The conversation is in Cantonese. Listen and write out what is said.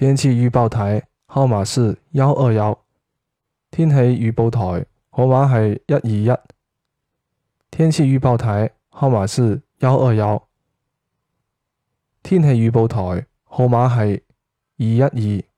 天氣預報台號碼是幺二幺，天氣預報台號碼係一二一，天氣預報台號碼是幺二幺，天氣預報台號碼係二一二。